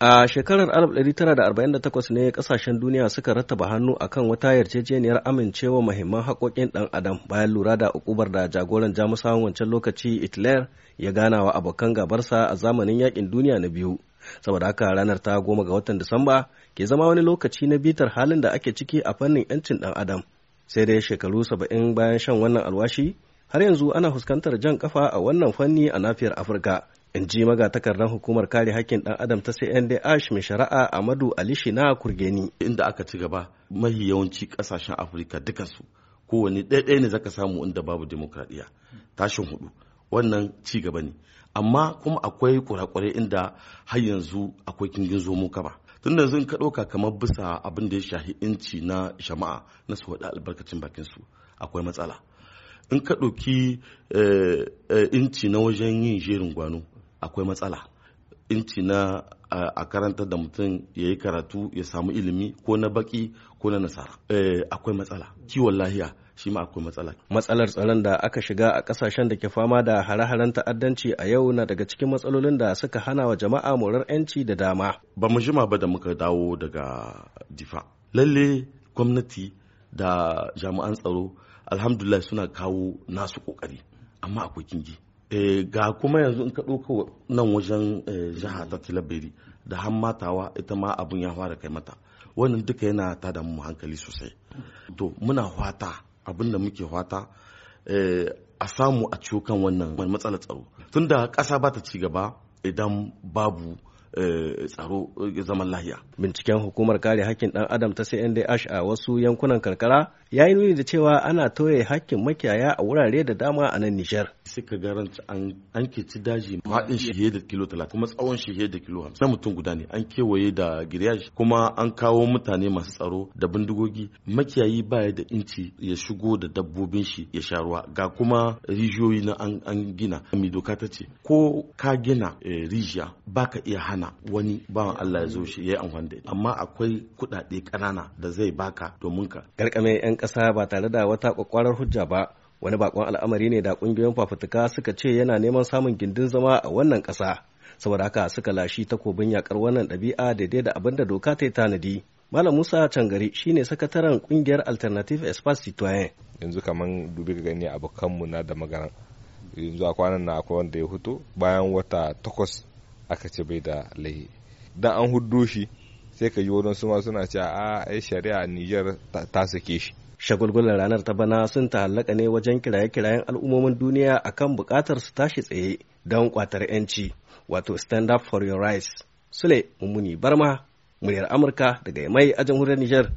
A shekarar 1948 ne kasashen duniya suka rattaba hannu a kan wata yarjejeniyar amincewa muhimman haƙoƙin ɗan adam bayan lura da ukubar da jagoran jamusawan wancan lokaci Hitler ya ganawa abokan gabarsa a zamanin yakin duniya na biyu. Saboda haka ranar ta goma ga watan Disamba ke zama wani lokaci na bitar halin da ake ciki a fannin 'yancin ɗan adam. Sai dai shekaru saba'in bayan shan wannan alwashi, har yanzu ana fuskantar jan kafa a wannan fanni a nafiyar Afirka. in ji magatakardar hukumar kare hakkin ɗan adam ta sai ash mai shari'a Amadu alishi na Kurgeni. Inda aka ci gaba mahi yawanci kasashen Afirka duka dukansu kowane ɗaya ne zaka samu inda babu demokradiyya tashin hudu wannan ci gaba ne amma kuma akwai kurakurai inda har yanzu akwai kingin zomo kaba tun yanzu ka ɗauka kamar bisa abin da ya shahi inci na jama'a na su waɗa albarkacin bakin su akwai matsala in ka ɗauki eh, eh, inci na wajen yin jerin gwano akwai matsala inci na a karanta da mutum ya yi karatu ya samu ilimi ko na baki ko na nasara eh, akwai matsala kiwon lahiya shi ma akwai matsala matsalar tsaron da aka shiga a kasashen da ke fama da hare-haren ta'addanci a yau na daga cikin matsalolin da suka hana wa jama'a morar 'yanci da dama ba mu jima ba da muka dawo daga difa lalle gwamnati da jami'an tsaro alhamdulillah suna kawo nasu kokari amma akwai kingi Eh, ga kuma yanzu in ka ɗauka nan wajen eh, jiha ta tilabiri da hammatawa ita ma abin ya fara kai mata wannan duka yana ta da mu hankali sosai to muna hwata abin da muke hwata eh, a samu a ciwo kan wannan matsalar tsaro tunda ƙasa ba ta ci gaba idan babu Eh, tsaro eh, zaman lahiya. Binciken hukumar kare hakkin ɗan adam ta CNDH a wasu yankunan karkara ya yi nuni da cewa ana toye hakkin makiyaya a wurare da dama a nan Nijar. Suka garanta an kici daji maɗin shi da kilo talatin kuma tsawon shi da kilo hamsin. Na mutum guda ne an kewaye da giriyaji kuma an kawo mutane masu tsaro da bindigogi makiyayi baya da inci ya shigo da dabbobin shi ya sha ruwa ga kuma rijiyoyi na an gina. Mai doka ta ce ko ka gina eh, rijiya baka iya hana hana wani bawan Allah ya zo shi ya yi amfani da amma akwai kuɗaɗe ƙanana da zai baka domin ka garkame 'yan ƙasa ba tare da wata ƙwaƙwarar hujja ba wani bakon al'amari ne da ƙungiyoyin fafutuka suka ce yana neman samun gindin zama a wannan ƙasa saboda haka suka lashi takobin yakar wannan ɗabi'a daidai da abin da doka ta yi tanadi Malam Musa Cangari shine sakataren kungiyar Alternative Espace Citoyen. Yanzu kaman dubi ka gani abokanmu na da magana. Yanzu a kwanan na akwai wanda ya hutu bayan wata takwas aka ce bai da laihi dan an huddo shi sai ka yi wurin ma suna ce a ai shari'a Nijar ta sake shi shagulgulan ranar ta bana sun ta'allaka ne wajen kiraye-kirayen al'ummomin duniya akan bukatar su tashi tsaye don kwatar 'yanci wato stand up for your rights sule mummuni barma muryar amurka daga mai a jamhuriyar nijar.